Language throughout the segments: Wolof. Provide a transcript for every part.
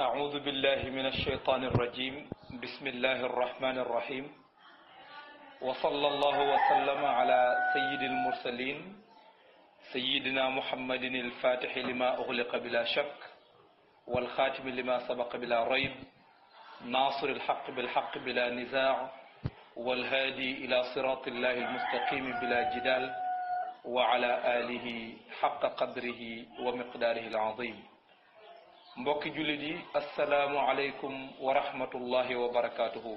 أعوذ بالله من الشيطان الرجيم بسم الله الرحمن الرحيم وصلى الله وسلم على سيد المرسلين سيدنا محمد الفاتح لما أغلق بلا شك والخاتم لما سبق بلا ريب ناصر الحق بالحق بلا نزاع والهادي إلى صراط الله المستقيم بلا جدال وعلى آله حق قدره ومقداره العظيم mbokk julit yi asalaamu aleykum wa rahmatullahi wa barakaatuhu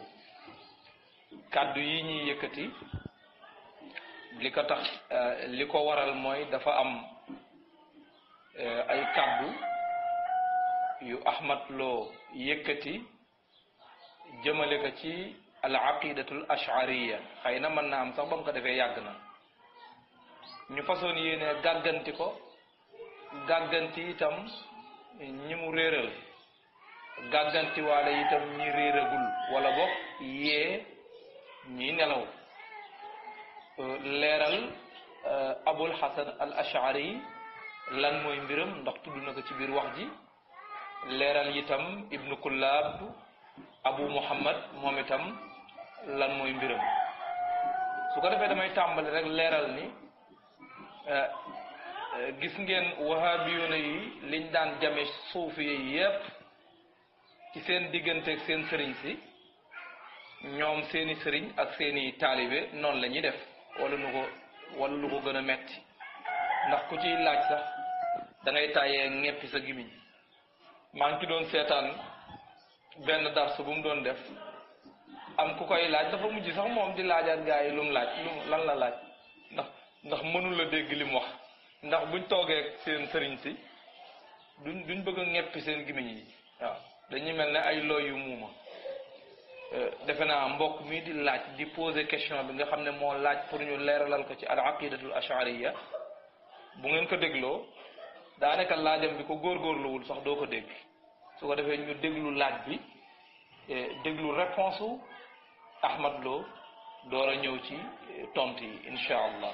kàddu yi ñuy yëkkati li ko tax li ko waral mooy dafa am ay kàddu yu Ahmad Lo yëkkati jëmale ko ci al aqidatul ashariya xëy na mën naa am sax ba mu ko defee yàgg na ñu façon yéene gàgganti ko gàgganti itam ñi mu réeral gàggantiwaale itam ñi réeragul wala bokk yee ñi nelaw euh, leeral euh, abul xasan al ashari lan mooy mbiram ndax tudd na ko ci biir wax ji leeral itam ibnu kullaab abu muhammad moom itam lan mooy mbiram su ko defee damay tàmbali rek leeral ni euh, gis ngeen wahabiyuna yi liñ daan jame suufi yi yépp ci seen diggante ak seen sëriñ si ñoom seeni sëriñ ak seeni taalibe noonu la ñuy def wala nu ko wala lu ko gën a metti ndax ku ciy laaj sax dangay ngay tàyyee sa gimiñ maa ngi ci doon seetaan benn darsu bu mu doon def am ku koy laaj dafa mujj sax moom di laajaat gaa yi lu mu laaj lu lan la laaj ndax ndax mënul a dégg li mu wax ndax buñ toogee seen sëriñ si duñ duñ bëgg a ñeppi seen gémmiñ yi waaw dañuy mel ne ay looy yu muuma euh, defe naa mbokk mii di laaj di poser question bi nga xam ne moo laaj pour ñu leeralal ko ci al aqidatul ashariya bu ngeen ko dégloo daanaka laajam bi ko góor góorluwul sax doo ko dégg su ko defee ñu déglu laaj bi e, déglu réponse u Ahmad loo door a ñëw ci e, tont yi incha allah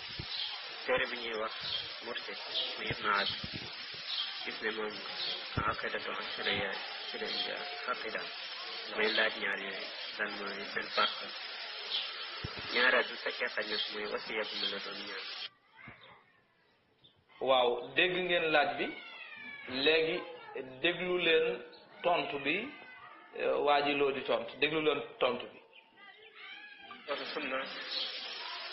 Terminiła murty mihmad ibn mung akada to asalaya silenja akida melad nyari dan mu sen pak ñaara du sa ca xañu muy wasi yab mu la doon ñaan waaw dégg ngeen laaj bi léegi déglu leen tontu bi waa ji loo di tontu déglu leen tontu bi sunna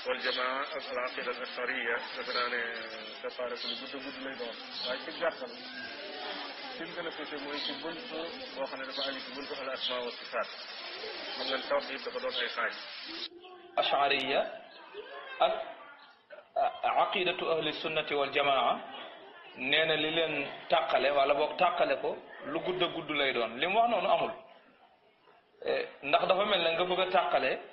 والجماعة العقيدة الأشعرية مثلا تفارق آه، البدو بدو ليضا هاي تجاكل تمكن في تموين كبنتو وخنا نفعل كبنتو على أسماء والصفات من التوحيد أي خاين أشعرية عقيدة أهل السنة والجماعة نين لين تقل ولا بوك تقل كو لو غود غود لاي دون لي مو نون امول ndax إيه، dafa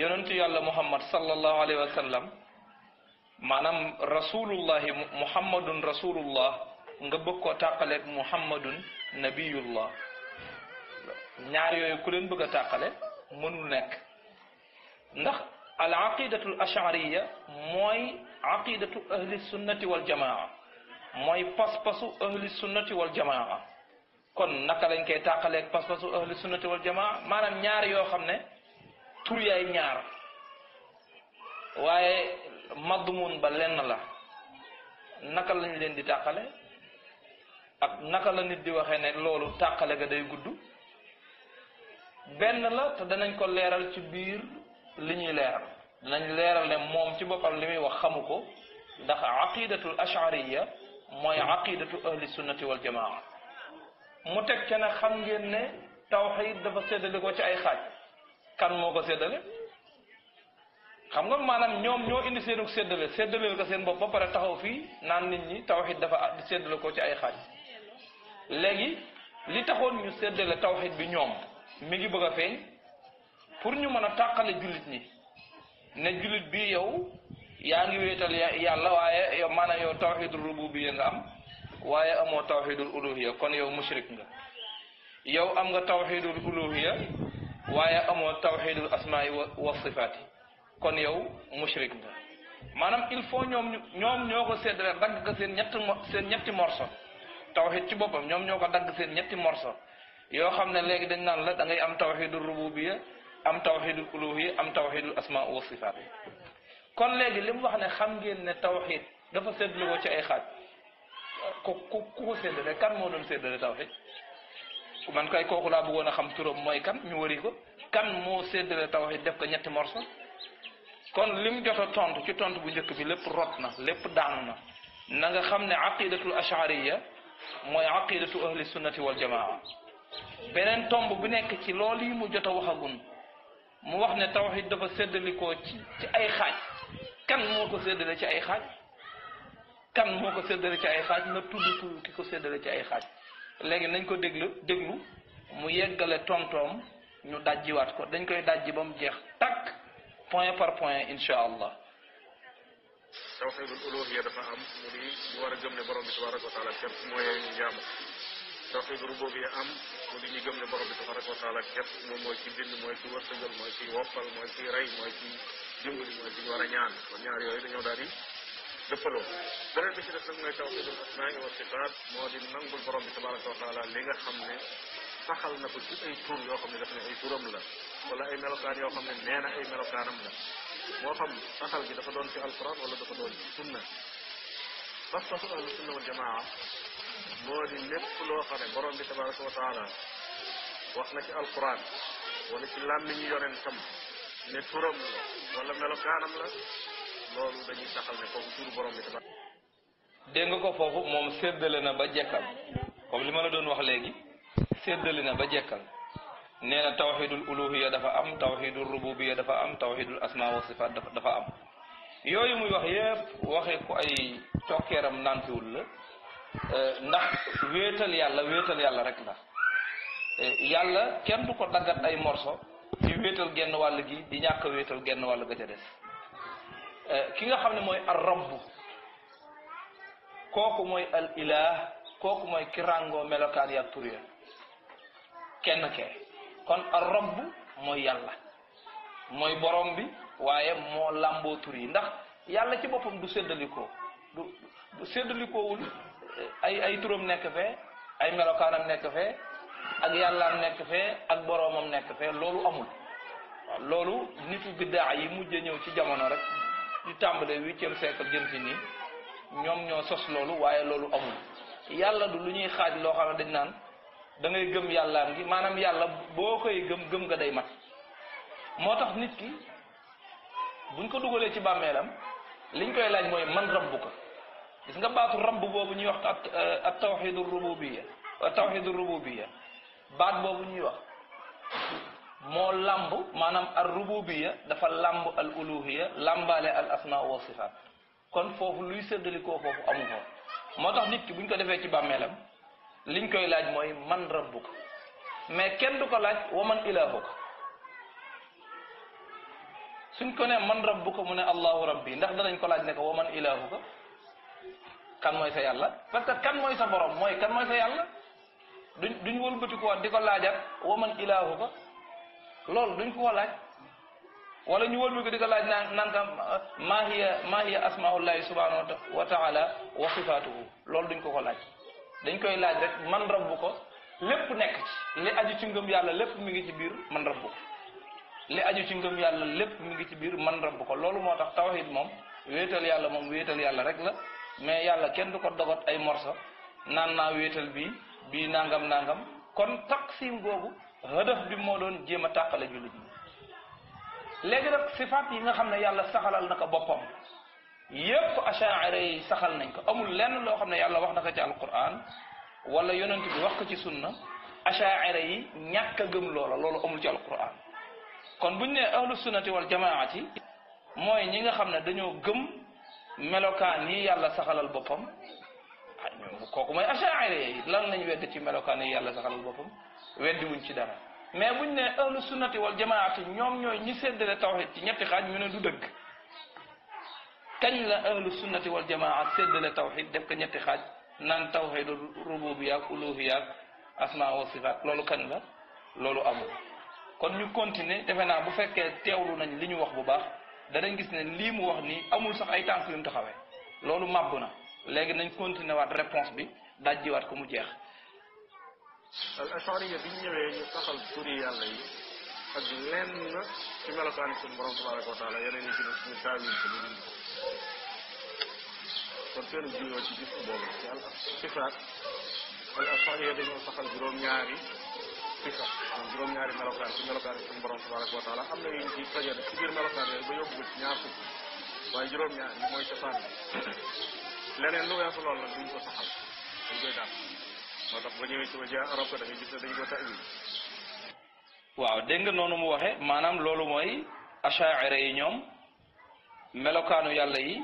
يونتي الله محمد صلى الله عليه وسلم مانام رسول الله محمد رسول الله نغبكو تاقلك محمد نبي الله نيار يوي كولن بغا تاقلي منو نيك نخ العقيده الاشعريه موي عقيده اهل السنه والجماعه موي باس باسو اهل السنه والجماعه كون نكا لنجي لك باس باسو اهل السنه والجماعه مانام نيار يو خمنه tur yaay ñaar waaye madmuun ba lenn la naka lañ leen di tàqale ak naka la nit di waxee ne loolu tàqale ga day gudd benn la te danañ ko leeral ci biir li ñuy leeral danañ leeral ne moom ci boppam li muy wax xamu ko ndax aqidatul ashariya mooy aqidatu ahli sunnati wal mu teg ca ne xam ngeen ne tawxid dafa séddale ko ci ay xaaj kan moo ko séddale xam nga maanaam ñoom ñoo indi seenu seddale séddale ko seen bopp ba pare taxaw fii naan nit ñi tawxid dafa séddale ko ci ay xaaj léegi li taxoon ñu séddale tawxid bi ñoom mi ngi bëgg a feeñ pour ñu mën a tàqale jullit ñi ne jullit bi yow yaa ngi wéetal yàlla waaye yow maanaam yow tawxidul rububiyya am waaye amoo tawxidul uluhiyya kon yow mushrik nga yow am nga tawxidul uluhiyya waye amoo tawxidul asmaai wa sifaati kon yow mushrik nga maanaam il faut ñoom ñoom ñoo ko séddale dagg ko seen ñett seen ñetti morso tawxid ci boppam ñoom ñoo ko dagg seen ñetti morso yoo xam ne léegi dañ naan la da ngay am tawxidul rububiya am tawxidul uluhiya am tawxidul asmaa wa sifaat kon léegi li mu wax ne xam ngeen ne tawxid dafa séddale ko ci ay xaaj ku ku ku ko séddale kan moo doon séddale tawxid man kay koku la bëggoon a xam turam mooy kan ñu wari ko kan moo séddale tawhid def ko ñetti morso kon lim jot a tontu ci tontu bu njëkk bi lépp rot na lépp daanu na na nga xam ne aqidatul ashariya mooy aqidatu ahli sunnati wal jamaa beneen tomb bu nekk ci loolu yi mu jot a waxagun mu wax ne tawhid dafa séddalikoo ci ci ay xaaj kan moo ko séddale ci ay xaaj kan moo ko séddale ci ay xaaj na tudd ki ko séddale ci ay xaaj légui nañ ko déglu déglu mu yeggale tontom ñu dajji wat ko dañ koy dajji bam jeex tak point par point incha allah tawxiidul uluhiya dafa am mu di wara gëm ne borom bi tabaraka wa taala kep moy ñu jamm tawhidul rububiyya am mu di ñu gëm ne borom bi tabaraka wa taala kep mo moy ci bind moy ci wërsëgal moy ci wopal moy ci ray moy ci dimbali moy ci wara ñaan kon ñaar yoy dañu daal dëppaloo beneen bi ci def nag mooy tawxiidul asmaa wa sifaat moo di nangul borom bi tabaraka wa taala li nga xam ne saxal na ko ci ay tur yoo xam ne daf ne ay turam la wala ay melokaan yoo xam ne nee na ay melokaanam la moo xam saxal gi dafa doon ci alquran wala dafa doon ci sunna pas-pasu ahlu sunna wal jamaa moo di lépp loo xam ne borom bi tabaraka wa taala wax na ci alquran wala ci làmmiñu yonentam ne turam la wala melokaanam la loolu dañuy saxal ne foofu turu borom dégg nga ko foofu moom séddale na ba jekkal comme li ma la doon wax léegi séddale na ba jekkal nee na tawxidul uluhiya dafa am tawxidul rububiya dafa am tawxidul asma wa sifaat dafa am yooyu muy wax yépp waxe ko ay cokkeeram nantiwul la eh, ndax wéetal yàlla wéetal yàlla rek la eh, yàlla kenn du ko daggat ay morso di wéetal genn wàll gi di ñàkk wéetal genn wàll ga ca des Euh, ki nga xam ne mooy ar rabb kooku mooy al ilah kooku mooy ki ràngoo melokaan ya tur ya kenn ke kon ar rabb mooy yàlla mooy borom bi waaye moo làmboo tur yi ndax yàlla ci boppam du séddalikoo du du euh, ay turoom nekk fee ay melokaanam nekk fee ak yàllaam nekk fee ak boroomam nekk fee loolu amul waaw loolu nitu biddaa yi mujj ñëw ci jamono rek di tàmbalee huitième siècle jëm si nii nyom ñoo sos loolu waye loolu amul yalla du lu ñuy xaaj loo xam dañ naan da ngay gëm yàllaam gi maanaam yàlla boo gëm gëm nga day mat moo nit ki buñ ko dugalee ci bàmmeelam liñ koy laaj mooy man rabbu gis nga baatu rabb boobu ñuy wax euh, baat ñuy wax mo lamb manam ar rububiyya dafa lamb al uluhiyya lambale al asma wa sifat kon fofu luy séddalikoo fofu amu ko motax nit ki buñ ko defé ci bamélam liñ koy laaj moy man rabbuk mais kenn duko laaj wa man ilahuk suñ ko ne man rabbuk mu ne allah rabbi ndax dañ ko laaj ne ko wa man ilahuk kan moy sa yàlla parce que kan moy sa borom moy kan moy sa yàlla duñ duñ wëlbatikuwaat di ko laajat wa man ilaahuka loolu duñ ko laaj wala ñu wëlbi ko di ko laaj na naan ka maa hiya maa hiya asmaullahi subhanahu wa taala wa sifatuhu loolu duñ ko ko laaj dañ koy laaj rek man rabbu ko lepp nekk ci li aju ci ngëm yàlla lépp mi ngi ci biir man rabbu ko li aju ci ngëm yàlla lépp mi ngi ci biir man rabbu ko loolu moo tax tawhid moom wéetal yàlla moom wéetal yàlla rek la mais yàlla kenn du ko dogot ay morso naan naa wéetal bii bii nangam nangam kon taqsim googu هدف بي مودون جيما تاخلا جولي لغي نك صفات ييغا خامنا يالا سخالال نكا بوبام ييب اشاعري سخال نانك امول لين لو خامنا يالا واخ نكا تي القران ولا يوننت بي واخ كي سنة اشاعري نياكا گم لولا لولا امول تي القران كون بو ني اهل السنه والجماعه تي موي نيغا خامنا دانيو گم ملوكان ني يالا سخالال بوبام كوكو موي اشاعري لان نيو ويد تي ملوكان ني يالا سخالال بوبام weddi wuñ ci dara mais buñ ne ahlu sunnati wal jamaati ñoom ñooy ñi séddale tawhid ci ñetti xaaj ñu ne du dëgg kañ la ahlu sunnati wal jamaa séddale tawhid def ko ñetti xaaj naan tawhidu rububiya ak uluhiya ak asma wa sifaat loolu kañ la loolu amul kon ñu continuer defe naa bu fekkee teewlu nañ li ñu wax bu baax danañ gis ne lii mu wax nii amul sax ay temps yu mu taxawee loolu màbb na léegi nañ continuer waat réponse bi dajjiwaat ko mu jeex alashariya bi ñëwee ñu saxal turi yàlla yi ak lenn ci melokaani suñu borom tabaraka wa taala yeneen yi ci def ñu taawil ko ñu ko kon seen juyoo ci gis boobu ci al sifaat al ashariya dañoo saxal juróom-ñaari sifaat moom juróom-ñaari melokaan ci melokaani suñu borom tabaraka wa taala am na yu ñu ciy tajale ci biir melokaan yooyu ba yóbbu ci ñaar fukk waaye juróom-ñaar yi mooy cosaan leneen lu weesu loolu la duñ ko saxal dañ koy dàq moo tax boo ñëwee ci wajaa arab ko da ngay gis waaw dégg nga noonu mu waxe maanaam loolu mooy achaira yi ñoom melokaanu yàlla yi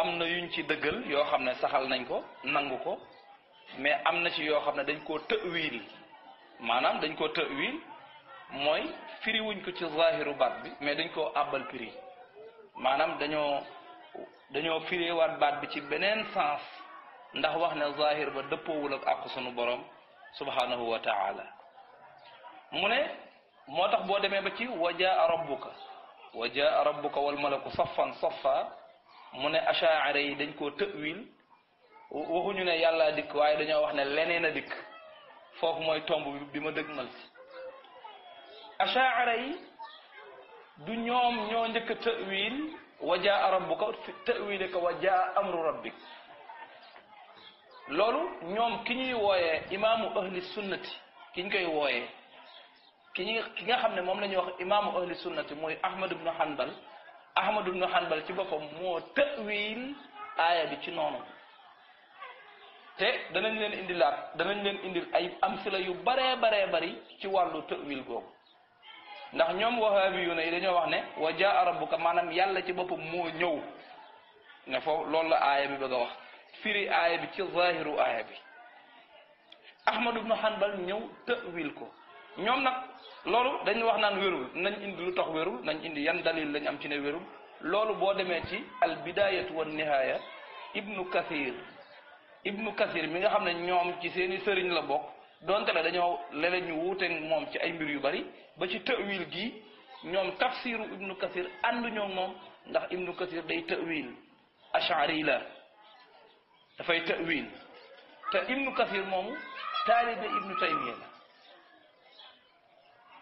am na yuñ ci dëggal yoo xam ne saxal nañ ko nangu ko mais am na ci yoo xam ne dañ koo tëwil maanaam dañ koo tëwil mooy firiwuñ ko ci zahiru baat bi mais dañ koo àbbal firi maanaam dañoo dañoo firiwaat baat bi ci beneen sens ndax wax ne zahir ba dëppoowul ak àq sunu borom subhanahu wa taala mu ne moo tax boo demee ba ci wa jaa rabbuka wa jaa rabbuka wal malaku saffan saffa mu ne achaare yi dañ koo tëwil waxuñu ne yàlla dikk waaye dañoo wax ne leneen a dikk foofu mooy tomb bi ma dëgmal si achaare yi du ñoom ñoo njëkk a tëwil wa jaa rabbuka tëwile ko wa jaa amru rabbik loolu ñoom ki ñuy wooyee imaamu ahli sunnati ki ñu koy wooyee ki ñuy ki nga xam ne moom la wax imaamu ahli sunnati mooy ahmad ibnu hanbal ahmad ibnu hanbal ci boppam moo tëwil aaya bi ci noonu te danañ leen indilaat danañ leen indil ay amsila yu bare baree bari ci wàllu tëwil googu ndax ñoom wahabiyuuna yi dañoo wax ne wa jaa rabbuka maanaam yàlla ci boppam moo ñëw ne foofu loolu la aaya bi bëgg a wax firi aaya bi ci zahiru aaya bi ahmad ibnu hanbal ñëw tawil ko ñoom nag loolu dañu wax naan wérul nañ indi lu tax wérul nañ indi yan dalil lañ am ci ne wérul loolu boo demee ci al bidayatu wa nihaaya ibnu kathir ibnu kathir mi nga xam ne ñoom ci seeni sëriñ la bokk donte la dañoo lele ñu wuuteeg moom ci ay mbir yu bari ba ci tawil gi ñoom tafsiru ibnu kathir ànduñoo moom ndax ibnu kathir day tawil ashari la دافاي تاوين تا ابن كثير مومو طالب ابن تيميه لا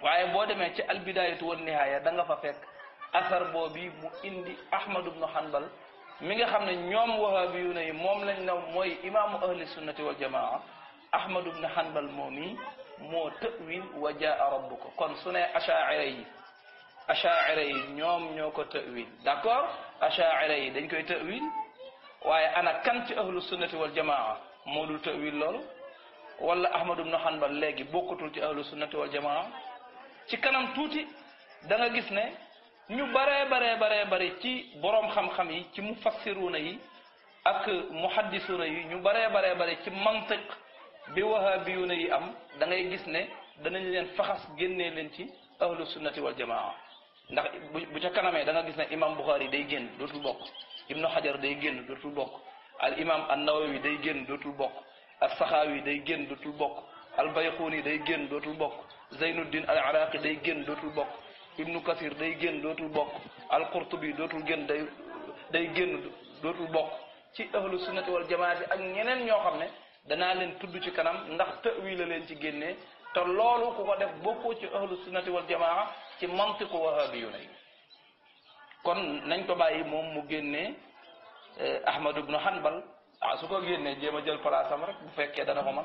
واي بو ديمي تي البدايه والنهايه داغا فا فك اثر بوبي مو اندي احمد بن حنبل ميغا خامن نيوم وهابيون موم لا نيو موي امام اهل السنه والجماعه احمد بن حنبل مومي مو تاوين وجاء ربك كون سنه اشاعره اشاعره نيوم نيوكو تاوين داكور اشاعره دنجكاي تاوين waaye ana kan ci ahlu sunnati wal jamaa moo dul tawil loolu wala ahmadu ibnu hanbal léegi bokkatul ci ahlu sunnati wal jamaa ci kanam tuuti da nga gis ne ñu baree baree baree bari ci boroom xam-xam yi ci mufassiruuna yi ak muhaddisuuna yi ñu baree baree bari ci mantiq bi wahabiyuuna yi am da ngay gis ne danañ leen faxas génnee leen ci ahlu sunnati wal jamaa ndax bu ca kanamee da nga gis ne imam Bukhari day génn dootul bokk ibnu xajar day génn dootul bokk al imam annawawi day génn dootul bokk al saxaawi day génn dootul bokk al bayxuuni day génn dootul bokk zeynuddin al iraqi day génn dootul bokk ibnu kasir day génn dootul bokk al qurtubi dootul génn day day génn dootul bokk ci ahlu sunnati wal jamaati ak ñeneen ñoo xam ne danaa leen tudd ci kanam ndax tëwi la leen ci génnee te loolu ku ko def bokkoo ci ahlu sunnati wal jamaa ci mantiqu wahabi yu nay kon nañ ko bàyyi moom mu génne eh, ahmad ibnu hanbal ah su ko génne jéem a jël place am rek bu fekkee dana ko man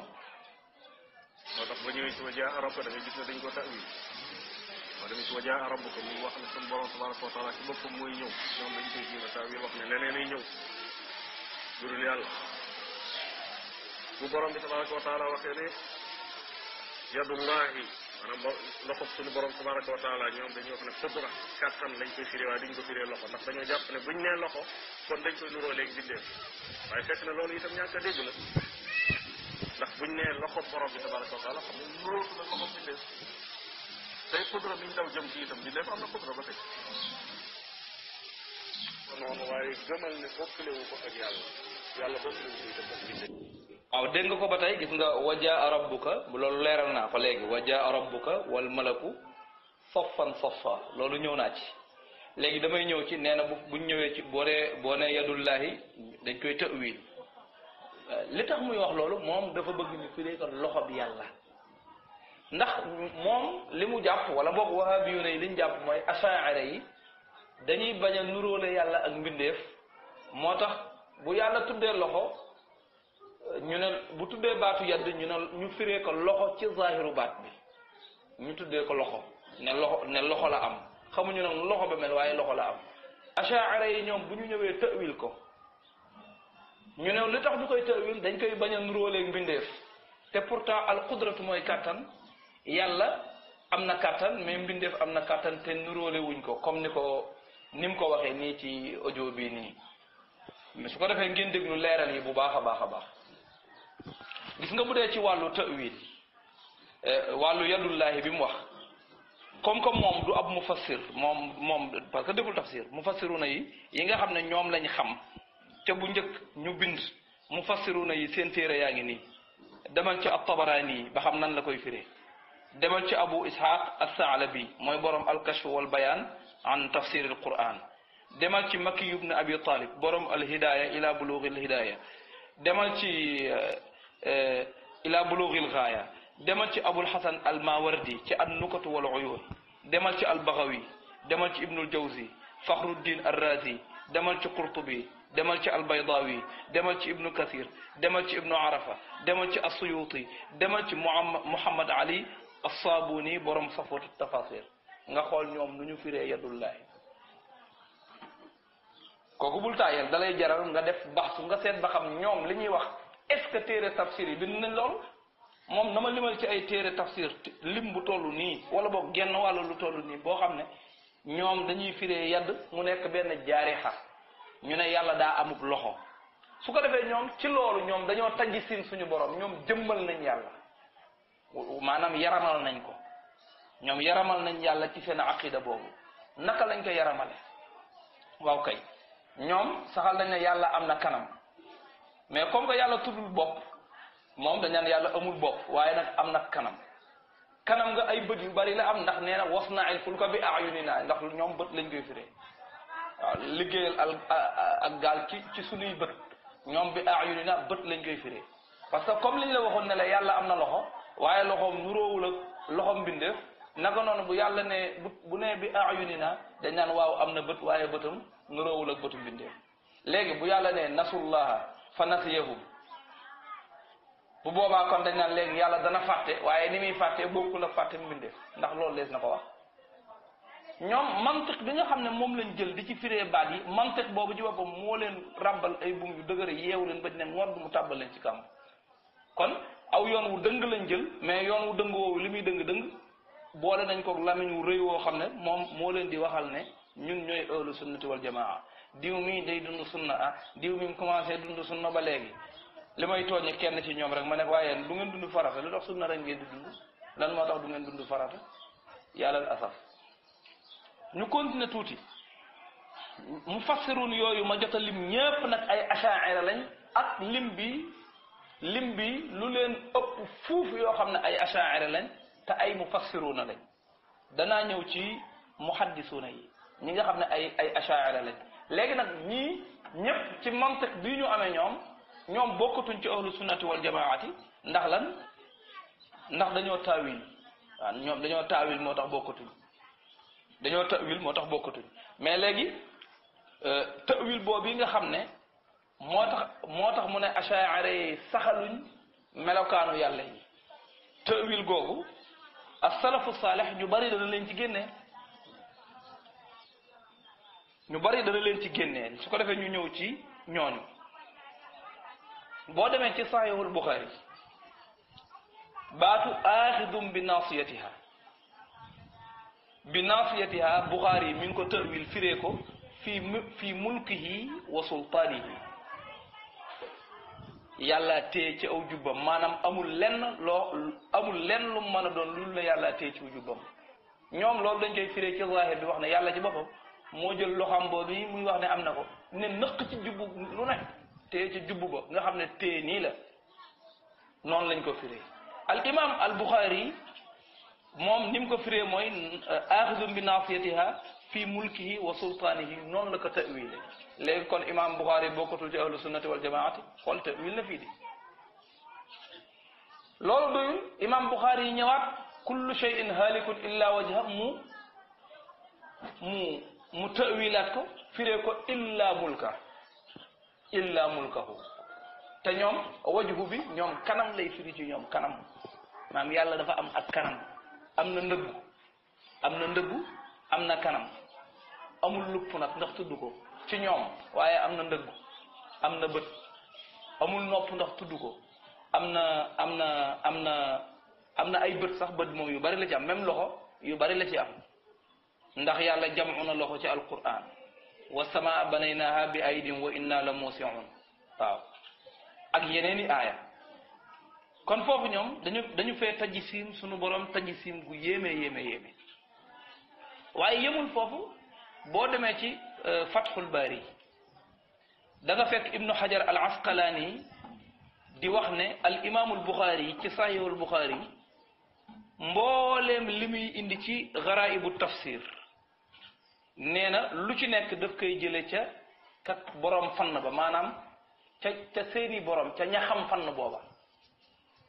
moo tax ba ñëwee wajaa arab da gis ne dañ ko tawil ba demee wajaa arab ko mu wax ne sun borom tabaraka wa taala ci boppam mooy ñëw ñoom dañ koy jéem a tawil wax ne leneen ay ñëw jurul yàlla bu borom bi tabaraka wa taala waxee ne yadullahi maanaam loxo suñu borom tabaraka wa taala ñoom dañuy wax ne xudra kàttan lañ koy firé waaye duñ ko firé loxo ndax dañoo jàpp ne buñ nee loxo kon dañ koy nuroo léegi bindéef waaye fekk na loolu itam ñàkk a dégg la ndax buñ nee loxo borom bi tabaraka wa taala nu ne nuroo la loxo bindéef tey xudra mi ñu daw jëm am na ba tey waaye gëmal ne bokkalewu ko ak yàlla yàlla bokkalewu ko itam ak bindéef waaw dégg nga ko ba tey gis nga wajaa bu loolu leeral naa ko léegi wajaa rabbuka wal malaku soffan soffa loolu ñëw naa ci léegi damay ñëw ci nee na bu ñëwee ci boo dee boo nee yadullahi dañ koy tawil li tax muy wax loolu moom dafa bëgg ñu firee ko loxo bi yàlla ndax moom li mu jàpp wala boog wahabiyu ne yi li jàpp mooy asaare yi dañuy bañ a nuróole yàlla ak mbindeef moo tax bu yàlla tuddee loxo ñu ne bu tuddee baatu yadd ñu ne ñu firee ko loxo ci zahiru baat bi ñu tuddee ko loxo ne loxo ne loxo la am xamuñu ne loxo ba mel waaye loxo la am achaara yi ñoom bu ñu ñëwee tawil ko ñu ne li tax ñu koy tawil dañ koy bañ a nuróolee mbindeef te pourtant al qudratu mooy kàttan yàlla am na kàttan mais mbindeef am na kàttan te nuróole wuñ ko comme ni ko ni mu ko waxee nii ci audio bii nii su ko defee ngeen déglu leeral yi bu baax a baax a baax gis nga bu dee ci wàllu tawil wàllu yadullahi bi mu wax comme comme moom du ab mufassir moom moom parce que deful tafsir mufassiruna yi yi nga xam ne ñoom lañ xam te bu njëkk ñu bind mufassiruna yi seen téere yaa ngi nii demal ci ab tabaraani yi ba xam nan la koy firee demal ci abu ishaq as-saalabi mooy borom al-kashf wal bayan an tafsir al-quran demal ci makki ibn abi talib borom al-hidaya ila bulugh al-hidaya demal ci ila bulughi al-ghaya demal ci abul hasan al-mawardi ci an-nukat wal uyun demal ci al-baghawi demal ci ibn al-jawzi fakhruddin ar-razi demal ci qurtubi demal ci al-baydawi demal ci ibn kathir demal ci ibn arafa demal ci as-suyuti demal ci muhammad ali as-sabuni borom safwat at-tafasir nga xool ñoom nu ñu firee yadullahi kooku bul tayel dalay jaral nga def baxsu nga seet ba xam ñoom li ñuy wax est-ce que téere tafsir yi bind nañ loolu moom na ma limal ci ay téere tafsir lim bu toll nii wala boo genn wàll lu toll nii boo xam ne ñoom dañuy firee yadd mu nekk benn jaarixa ñu ne yàlla daa amub loxo su ko defee ñoom ci loolu ñoom dañoo taggi siin suñu borom ñoom jëmmal nañ yàlla maanaam yaramal nañ ko ñoom yaramal nañ yàlla ci seen aqida boobu naka lañ ko yaramale waaw kay ñoom saxal nañ ne yàlla am na kanam mais comme que yàlla tuddul bopp moom dañ naan yàlla amul bopp waaye nag am na kanam kanam nga ay bët yu bari la am ndax nee na was naa il fulka bi ayunina ndax ñoom bët lañ koy firee waaw liggéeyal al ak gaal ci ci sunuy bët ñoom bi ayunina bët lañ koy firee parce que comme liñ la waxoon ne la yàlla am na loxo waaye loxoom nuróowul ak loxoom bindeef naka noonu bu yàlla ne bu bu nee bi ayunina dañ naan waaw am na bët waaye bëtam nuróowul ak bëtu bindeef léegi bu yàlla ne nasullaha fa nasiyahum bu boobaa kon dañ naan léegi yàlla dana fàtte waaye ni muy fàtte bokkul ak fàtte mbindeef ndax loolu lees na ko wax ñoom mantiq bi nga xam ne moom lañ jël di ci firee baat yi mantiq boobu ci boppam moo leen ràbbal ay buum yu dëgër yeewu leen ba ñu ne ngodd mu tàbbal leen ci kàmm kon aw yoon wu dëng lañ jël mais yoon wu dëng woowu li muy dëng-dëng boole nañ ko lamiñ wu rëy woo xam ne moom moo leen di waxal ne ñun ñooy ahlu sunnati wal jamaa diw mii day dund sunna ah diw mi commencé dund sunna ba léegi li may tooñ kenn ci ñoom rek ma ne waaye du ngeen dund farata lu tax sunna rek ngeen di dund lan moo tax du ngeen dund farata yàlla asaf ñu continuer tuuti mufassirun yooyu ma jot a lim ñépp nag ay achaira lañ ak lim bi lim bi lu leen ëpp fuuf yoo xam ne ay achaira lañ te ay mufassiruna lañ danaa ñëw ci muhaddisuuna yi ñi nga xam ne ay ay achaira lañ léegi nag ñii ñëpp ci mantiq bi ñu amee ñoom ñoom bokkatuñ ci ahlu sunnati wal jamaati ndax lan ndax dañoo taawil waaw ñoom dañoo taawil moo tax bokkatuñ dañoo taawil moo tax bokkatuñ mais léegi taawil boobu nga xam ne moo tax moo tax mu ne achaare yi saxaluñ melokaanu yàlla yi taawil googu as salafu saalih ñu bari dana leen ci génne ñu bari dana leen ci génnee su ko defee ñu ñëw ci ñooñu boo demee ci saxiixul buxaari baatu aaxidum bi naasiyatiha bi naasiyatiha buxaari yi mi ngi ko tërwil firee ko fii fii mulkihi wa sultaanihi yàlla téye ci aw jubbam maanaam amul lenn loo amul lenn lu mën a doon lu la yàlla téye ci aw jubbam ñoom loolu dañ koy firee ci zaahir bi wax na yàlla ci boppam moo jël loxam boobu yi muy wax ne am na ko ne nëq ci jubbu lu ne téye ci jubbu ba nga xam ne téye nii la noonu lañ ko firee al imam al buxaari moom ni mu ko firee mooy axidum bi naafiyatiha fi mulkihi wa sultanihi noonu la ko tawile léegi kon imam buxaari bokkatul ci ahlu sunnati wal jamaati xool tawil la fii di loolu doyul imam buxaari yi ñëwaat kullu cheyin halikun illa wajha mu mu mu tawilaat ko firee ko illa mulka illa ko te ñoom wajhu bi ñoom kanam lay firi ci ñoom kanam maam yàlla dafa am ak kanam am na ndëggu am na ndëggu am na kanam amul lupp nag ndax tudd ko ci ñoom waaye am na ndëggu am na bët amul nopp ndax tudd ko am na am na am na am na ay bët sax bët moom yu bari la ci am même loxo yu bari la ci am ndax yàlla jamu na loxo ci alquran wa samaa banaynaha bi aydin wa inna la musiun waaw ak yeneeni aaya kon foofu ñoom dañu dañu fee taji siim sunu borom taji siim gu yéeme yéeme yéeme waaye yemul foofu boo demee ci fathul bari da nga fekk ibnu xajar al asqalaani di wax ne al imaamul buxaari ci saxiihul buxaari mbooleem li muy indi ci garaayibu tafsir nee na lu ci nekk daf koy jële ca kat boroom fann ba maanaam ca ca seeni boroom ca ñaxam fann booba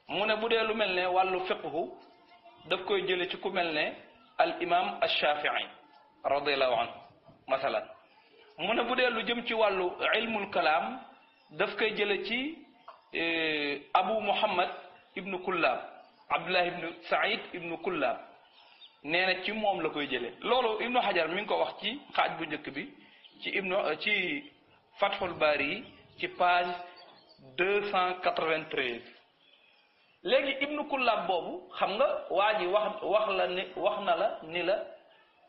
mu ne bu dee lu mel ne wàllu fiqhu daf koy jële ci ku mel ne al imam ashafii radiallahu anhu masalan mu ne bu dee lu jëm ci wàllu ilmul daf koy jële ci eh, abu muhammad ibnu kullaab abdullah ibnu said ibnu kullaab nee na ci moom la koy jëlee loolu ibnu xajar mi ngi ko wax ci xaaj bu njëkk bi ci ibnu ci fathul bari yi ci page deux cent quatre vingt léegi ibnu boobu xam nga waa ji wax wax la ni wax na la ni la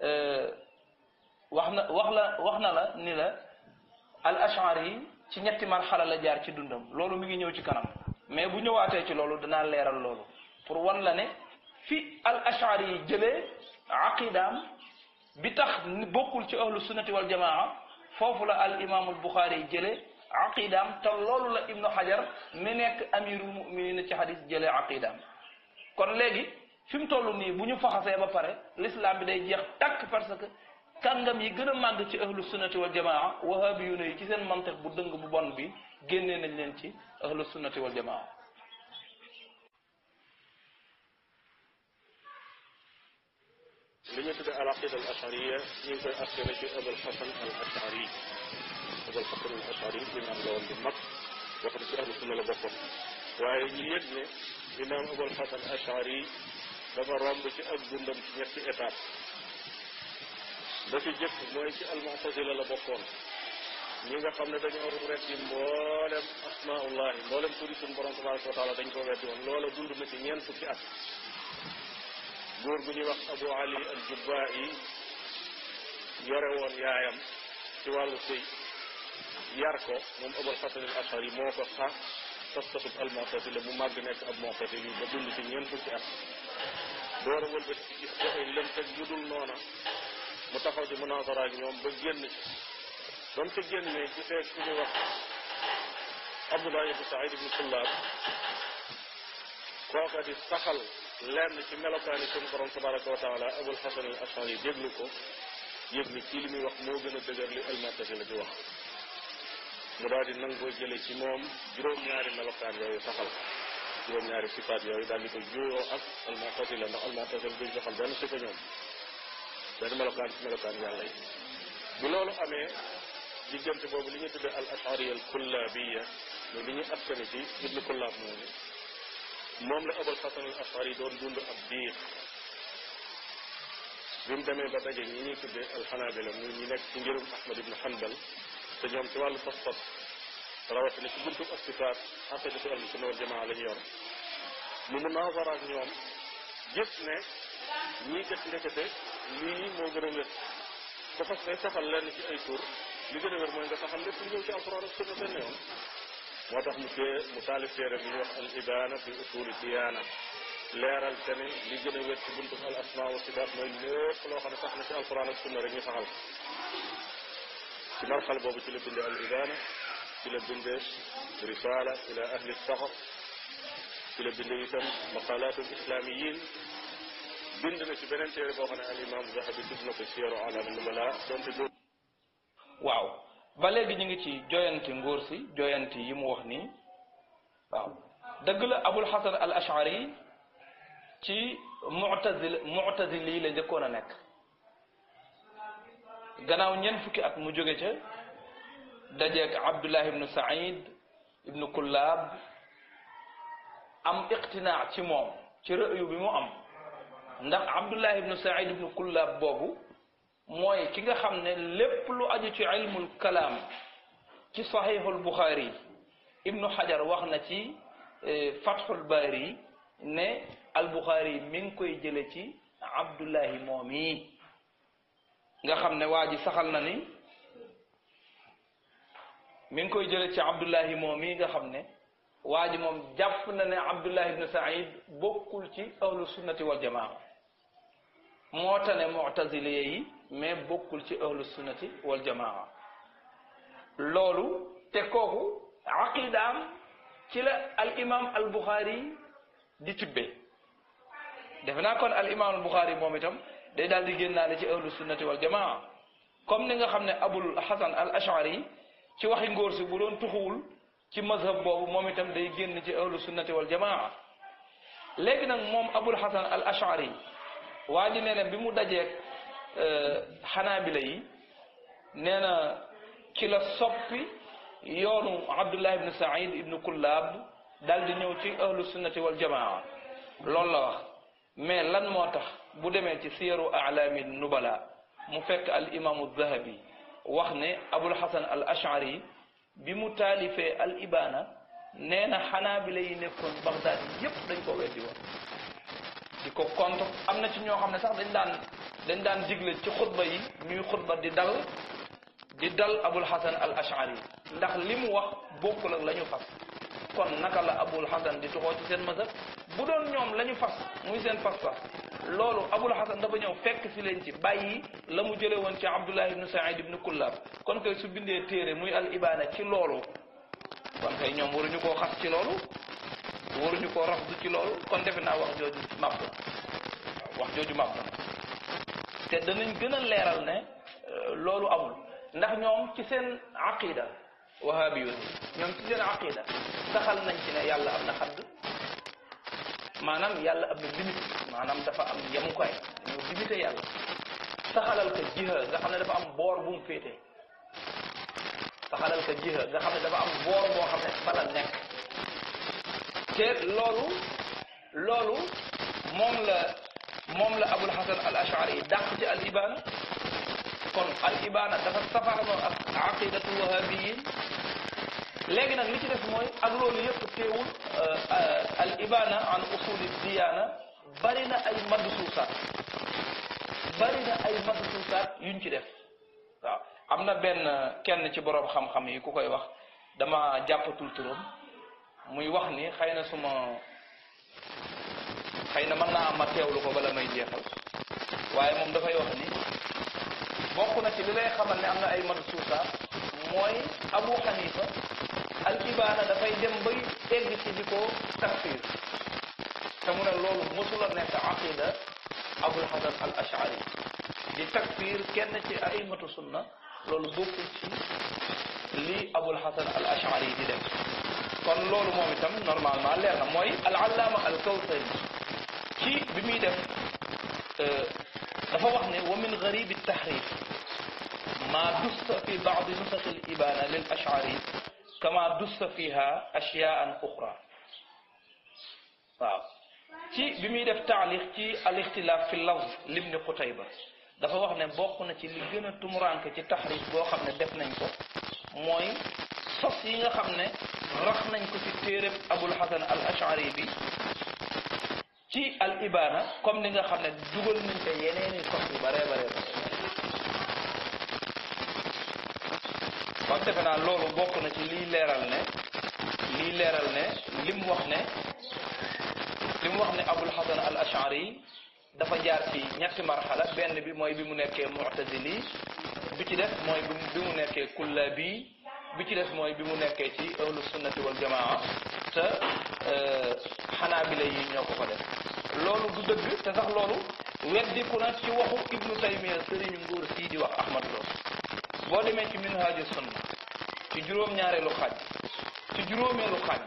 euh, wax na wax la wax na la ni la al ashari yi ci ñetti xalal la jaar ci dundam loolu mu ngi ñëw ci kanam mais bu ñëwaatee ci loolu danaa leeral loolu pour wan la ne في الأشعري جلي عقيدام بتخ بوكل تي أهل السنة والجماعة فوفل الإمام البخاري جلي عقيدام تلول ابن حجر منك أمير المؤمنين تي حديث جلي عقيدام كون لغي فيم تولو ني بو نيو فخاسي با بار الاسلام بي جيخ تاك بارسك كانغام يي گنا ماند تي اهل السنه والجماعه وهابيون يي سين منطق بو دنگ بو بون بي گيني نان لين تي اهل السنه والجماعه بالنسبة للعقيدة الأشعرية يمكن أخبر شيء أبو الحسن الأشعري أبو الحسن الأشعري من أبو الحسن بالمقر وقد سأل سنة لبقر ويبني إمام أبو الحسن الأشعري بمرام بشيء أبو لم يكي أتاب بشي جفت مويكي المعتزلة لبقر ñinga xamne dañu أبو الحسن ci mbolam asma allah mbolam turi sun borom subhanahu wa ta'ala dañ ko wéddi won lolo dundu na ci ñen fukki دور بني وقت أبو علي الجبائي يروى يايم توالسي ياركو من أبو الحسن الأشعري موفقة تصفت المعتدل لما أبو موفق المعتدل بدون لكن ينفس أخ دور ولبس إسرائيل لم تجد النونة متخذ مناظرة اليوم بجن لم تجن من تسيش وقت يوقف أبو الله سعيد بن كلاب كوكا دي lenn ci melokaani sunu borom tabaraka wa taala abul xasan al ashari déglu ko yëg ni kii li muy wax moo gën a dëgër li almatasi la di wax mu daal di nangoo jële ci moom juróom-ñaari melokaan yooyu saxal juróom-ñaari sifaat yooyu daal di ko juyoo ak almatasi la ndax almatasi la duñ saxal benn sifa ñoom benn melokaan ci melokaan yàlla yi bi loolu amee diggante boobu li ñu tuddee al ashariya al kullaabiya muy li ñu askane ci ibnu kullaab moomu mom la abul hasan al asari doon dund ak diir bi deme ba daje ñi ñi tuddé al hanabila ñu ñi nek ci ngirum ahmad ibn hanbal te ñom ci wàllu pas-pas ni ci buntu ak sifaat aqidatu ahlu ci no jamaa la ñu yor mu mun naa ak ñom gis ne ñi def ndekete ni mo gëna a wér dafa ne taxal lenn ci ay tour li gëna wér mooy nga taxal lépp ñëw ci alquran ak sunna benn yoon وضح مطالب في ربيع الإبانة في أصول الديانة ليرى الجنين لجنة ويتبنت في الأسماء والصفات ما يلوك لو خلق احنا في القرآن السنة رجل فعل في مرحلة بابا تلي بند الإبانة تلي بند رسالة إلى أهل الصغر تلي بند يتم مقالات الإسلاميين بند نشبنان تيري بابا الإمام ذهب تبنى في سيره على النملاء دون واو ba léegi ñu ngi ci joyanti nguur si joyanti yi mu wax nii waaw dëgg la abul xasan al ashari ci mutazil mutazil yi la njëkkoon a nekk gannaaw ñeent fukki at mu jóge ca dajeeg abdullah ibnu said ibnu kullaab am iqtinaa ci moom ci rëyu bi mu am ndax abdullah ibnu said ibnu kullaab boobu mooy ki nga xam ne lépp lu aju ci ilmul kalaam ci saxiixul buxaari ibnu xajar wax na ci e, fatxul baari ne al buxaari mi ngi koy jële ci abdullahi moom yi nga xam ne waa ji saxal na ni mi ngi koy jële ci abdullahi moom nga xam ne waa ji moom jàpp na ne abdullahi ibnu said bokkul ci ahlu sunnati wal jamaa moo mais bokul ci ahlu sunnati wal jamaa lolu te koku aqidam ci la al imam al bukhari di tibbe defna kon al imam al bukhari momitam day daldi gennale ci ahlu sunnati wal jamaa comme ni nga xamne abul hasan al ashari ci waxi ngor ci bu don tuxul ci mazhab bobu momitam day génn ci ahlu sunnati wal jamaa léegi nak mom abul hasan al ashari wadi ji nee na bi mu dajeek xanaabila yi nee na ci la soppi yoonu abdullah ibnu said ibnu kullaab dal di ñëw ci ahlu sunnati wal jamaa loolu la wax mais lan moo tax bu demee ci siyaru alaami nubala mu fekk al imaamu zahabi wax ne abul hasan al ashari bi mu taalifee al ibaana nee na xanaabila yi nekkoon bagdaad yépp dañ ko weddi woon di ko contre am na ci ñoo xam ne sax dañ daan dañ daan digle ci xutba yi ñuy xutba di dal di dal abul hasan al ashari ndax li mu wax bokkul ak la ñu fas kon naka la abul hasan di toxoo ci seen mazhab bu doon ñoom la ñu fas muy seen fas fas loolu abul hasan dafa ñëw fekk si leen ci bàyyi la mu jële woon ci abdullah ibnu saïd ibnu kullab kon kay su bindee téere muy al ibaana ci loolu kon kay ñoom waruñu koo xas ci loolu wóoruñu koo rafdu ci loolu kon defe naa wax jooju màbb waaw wax jooju màbb te danañ gën a leeral ne loolu amul ndax ñoom ci seen aqida wahabiyun ñoom ci seen aqida saxal nañ ci ne yàlla am na xadd maanaam yàlla am na limite maanaam dafa am yemukaay ñu limité yàlla saxalal ko jiha nga xam ne dafa am boor bu mu féete saxalal ko jiha nga xam ne dafa am boor boo xam ne fa la nekk seet loolu loolu moom la moom la abul hasan al ashari dàq ci al ibaana kon al ibaana dafa safaanoo ak aqidatu wahabiyin léegi nag li ci def mooy ak loolu yëpp teewul al ibaana an usuli diyaana bari na ay madsuusaat bari na ay madsuusaat yuñ ci def waaw am na benn kenn ci boroom xam-xam yi ku koy wax dama jàppatul turam muy wax ni xëy suma suma man na am ma ko bala may jeexal waaye moom dafay wax ni bokku na ci li lay xamal ni am na ay mansuusa moy abu hanifa al ibana da fay dem bay egg ci diko tafsir te lolu musul la nek nekk aqida abul hasan al ashari di takfir kenn ci ay matu sunna lolu bokku ci li abul hasan al ashari di def kon loolu moom itam normalement leer na mooy al allaama al kawsari ci bi muy def dafa wax ne wa min garib tahrif ma dusta fi badi nusakh al ibana lil ash'ari kama dusta fiha ashiyaan ukhra waaw ci bi muy def taaliq ci al ixtilaaf fi lafz limni qutayba dafa wax ne bokk na ci li gën a tumuranke ci tahrif boo xam ne def nañ ko mooy sos yi nga xam ne rax nañ ko ci téeréb abul hasan al ashari bi ci al ibana comme ni nga xam ne dugal nañ ko yeneeni sos yu bare bare kon defe naa loolu bokk na ci liy leeral ne liy leeral ne lim wax ne lim wax ne abul hasan al ashari dafa jaar ci ñetti marxala benn bi mooy bi mu nekkee mu'tazili bi ci def mooy bi mu nekkee kullabi bi bi ci des mooy bi mu nekkee ci ahlu sunnati wal jamaa te xanaabila yi ñoo ko fa def loolu du dëgg te sax loolu weddiku na ci waxu ibnu taymiya sëriñu nguur sii di wax ahmad lo boo demee ci minhaaju sunna ci juróom-ñaareelu xaaj bi ci juróomeelu xaaj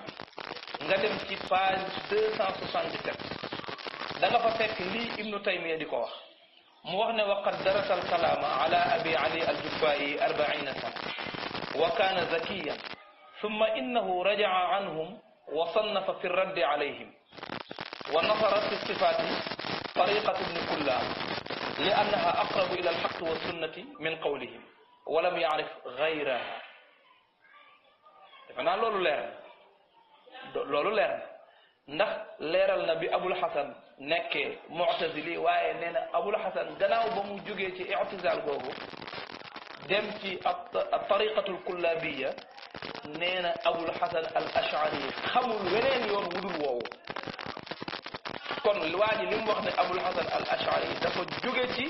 bi nga dem ci page deux cent soixante-sept da nga fa fekk lii ibnu taymiya di ko wax mu wax ne waqad darasa alkalaama ala abi ali aljuffaayi arbaina sana وكان ذكيا ثم إنه رجع عنهم وصنف في الرد عليهم ونظر في الصفات طريقة ابن كلاب لأنها أقرب إلى الحق والسنة من قولهم ولم يعرف غيرها أنا نعم، لولو لير لولو لير نخ لير النبي أبو الحسن نك معتزلي واي نين أبو الحسن جناو بمجوغي اعتزال غوغو dem ci at-tariqatu al-kullabiyya nee na Abul Hasan al-Ash'ari xamul weneen yoon wudul woowu kon waa ji li mu wax ne Abul Hasan al-Ash'ari dafa jóge ci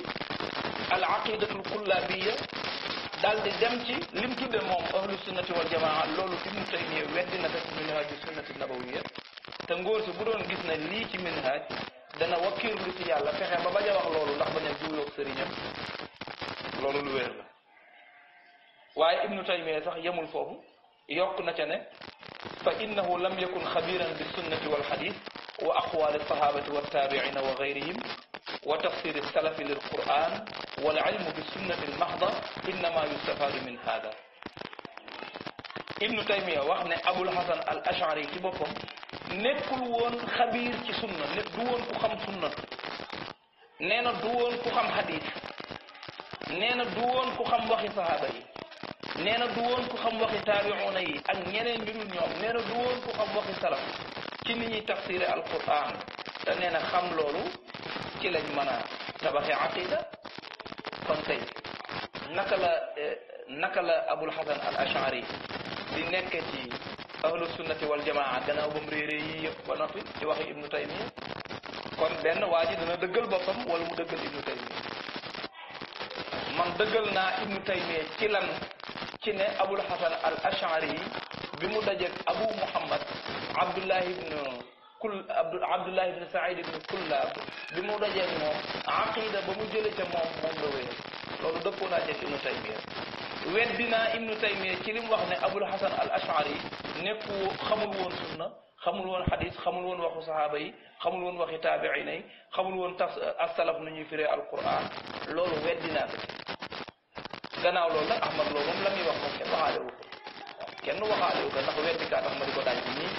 al-aqidatu al-kullabiyya daal di dem ci lim tudde moom ahlu sunnati wal jamaa loolu Ibnu Taymiyya weddi na ko ci minhaaju sunnati nabawiyya te ngóor si bu doon gis ne lii ci minhaaj dana wakkiirlu ci yàlla fexe ba bañ a wax loolu ndax bañ a juuyoog sëriñam loolu lu wér la waaye ibnu taymiya sax yemul foofu yokk na ca ne fa innahu lam yakun xabiran bi sunnati wal xadis wa aqwali sahabati wa tabiina wa gayrihim wa tafsiri salafi lil quran wal ilmu bi sunnati al mahda innama yustafaadu min hada ibnu taymiya wax ne abul hasan al ashari ci boppam nekkul woon xabiir ci sunna ne du woon ku xam sunna nee na du woon ku xam xadis nee na du woon ku xam waxi sahaaba yi nee na du woon ku xam waxi taabicuuna yi ak ñeneen ñu dul ñoom nee na du woon ku xam waxi salaf ci ni ñuy tafsiré alquran te nee na xam loolu ci lañ mën a tabaxe aqida kon tey naka la naka la abul xasan al ashari di nekk ci ahlu sunnati wal jamaa gannaaw ba mu réeree yii yëpp ba noppi ci waxi ibnu taymiya kon benn waa ji dana dëggal boppam wala mu dëggal ibnu taymiya man dëggal naa ibnu taymiya ci lan كنا أبو الحسن الأشعري بمدجة أبو محمد عبد الله بن كل عبد الله بن سعيد بن كلاب بمدجة عقيدة بمجلة مهم مهم لو دقونا جيت ابن تيمية ودنا ابن تيمية كلم وحنا أبو الحسن الأشعري نكو خمرون سنة خمرون حديث خمرون وحو صحابي خمرون وحو تابعيني خمرون السلف نجي في القرآن لو ودنا gannaaw loolu nag Ahmad Lo moom la wax moom kenn waxaale wu ko kenn waxaale wu ko weddi kaa ma di ko daaj bi nii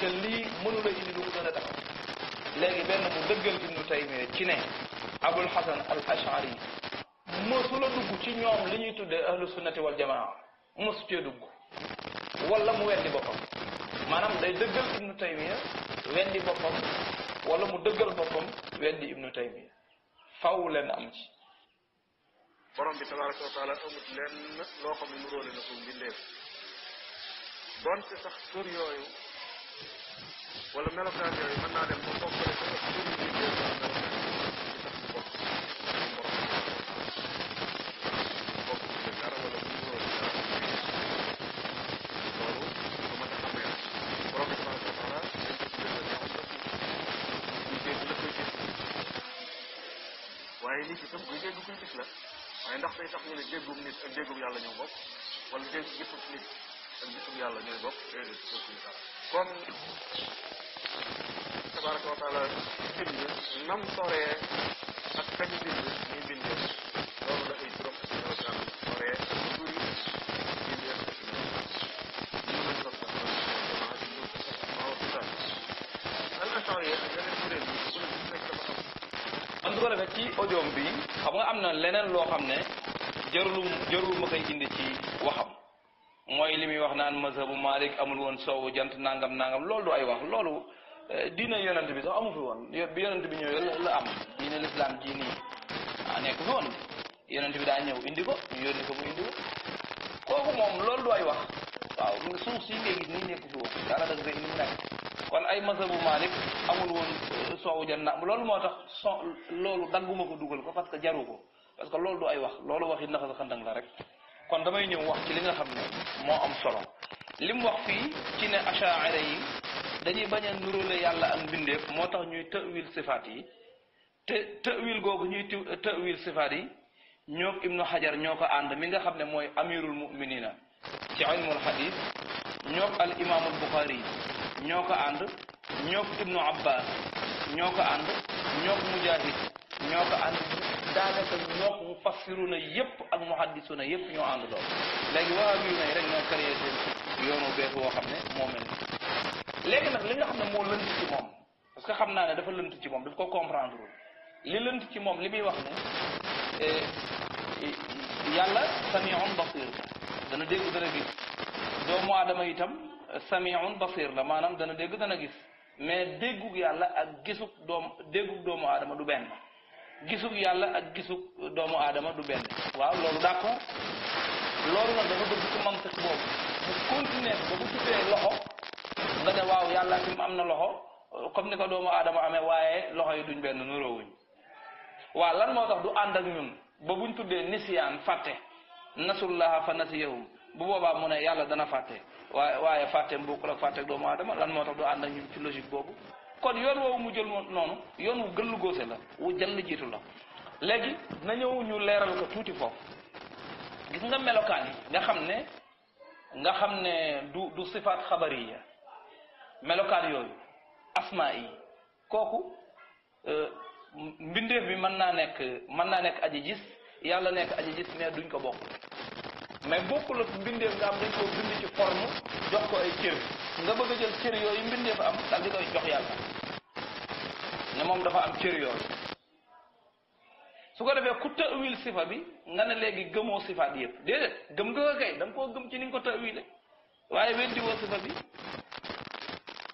te lii mënu la indi lu ko gën a léegi benn mu dëggal Ibnu Taymiya ci ne Abul Hasan al Ashari mësu dugg ci ñoom li ñuy tuddee ahlu sunnati wal jamaa dugg wala mu weddi boppam maanaam day dëggal Ibnu Taymiya weddi boppam wala mu dëggal boppam weddi Ibnu Taymiya faw leen am ci borom bi tabaraka wa taala amut lenn loo xam ne nuróole na ko mbindeef ci sax tur yooyu wala melokaan yooyu mën naa dem ba bokkale ko ak tur yi ko tuddee la waaye nit ki sax buy dégg koy gis la waaye ndax day tax ñu ne déggum nit ak déggum yàlla ñoo bokk wala dégg gisub nit ak gisub yàlla ñooy bokk déedéet bokkuñ dara comme tabaraka wa taala bind nam soree ak kañu bind ñuy bindee na leneen loo xam ne jarul jarul ma koy indi ci waxam mooy li muy wax naan mazhabu malik amul woon soowu jant nangam nangam loolu du ay wax loolu eh, diine yonent bi sax amu fi woon bi yonent bi ñëwee la am diine lislaam ji nii ah, nekk fi woon yonent bi daa ñëw indi ko ñu yónni ko mu indi ko kooku moom loolu du ay wax waaw suuf si ngay gis nii nekk fi woon dara dag nekk kon ay mazhabu malik amul woon eh, soowu jant na loolu moo tax so loolu dagguma ko dugal ko parce que ko parce que loolu du ay wax loolu waxi naxas xandang la rek kon damay ñëw wax ci li nga xam ne moo am solo lim wax fii ci ne achaira yi dañuy bañ a nurale yàlla am mbindeef moo tax ñuy tawil sifaat yi te tawil googu ñuy tawil sifaat yi ñoog ibnu xajar ñoo ko ànd mi nga xam ne mooy amirul muminina ci ilmul xadis ñoog al imaamul buxaari ñoo ko ànd ñoog ibnu abbas ñoo ànd ñoog mujahid ñoo ànd دانك نوك مفسرون يب المحدثون يب نيو اندو دو لغي وا بي ناي رك نيو كاري سين يونو بيس بو خامن مومن لغي نك ليغا خامن مو لنت سي موم باسكو خامنا نه دافا لنت سي موم داف كو كومبراندر لي لنت سي موم لي مي واخ نه يالا سميع بصير دا نا ديغ دا نغيس دو مو ادم ايتام سميع بصير لا مانام دا نا ديغ دا نغيس مي ديغوك يالا اك غيسوك دوم ديغوك دوم ادم دو بن gisug yàlla ak gisug doomu aadama du benn waaw loolu d'accord loolu nag dafa bëgg ci mantiq boobu mu continuer ba bu tuddee loxo nga ne waaw yàlla am na loxo comme ni ko doomu aadama amee waaye loxo yi duñ benn nuroowuñ waaw lan moo tax du ànd ak ñun ba buñ tuddee nisiyaan fàtte nasullaha fa nasiyahum bu boobaa mu ne yàlla dana fàtte waaye waaye fàtte mbuuk la fàtte doomu adama lan moo tax du ànd ak ñun ci logique boobu kon yoon woowu mu jël noonu yoon wu gën lu góose la wu jënd jiitu la léegi na ñëw ñu leeral ko tuuti foofu gis nga melokaan yi nga xam ne nga xam ne du du sifaat ya melokaan yooyu asmaa yi kooku euh, mbindeef bi mën naa nekk mën naa nekk aji gis yàlla nekk aji gis mais duñ ko bokk mais bokkul ak mbindeef nga am dañ koo bind ci forme jox ko ay cër nga bëgg a jël cër yooyu am dal di koy jox yàlla moom dafa am cër yooyu su ko defee ku tawil sifa bi nga ne léegi gëmoo sifaat yëpp déedéet gëm nga ko kay da koo gëm ci ni ko ko tawile waaye weddi woo sifa bi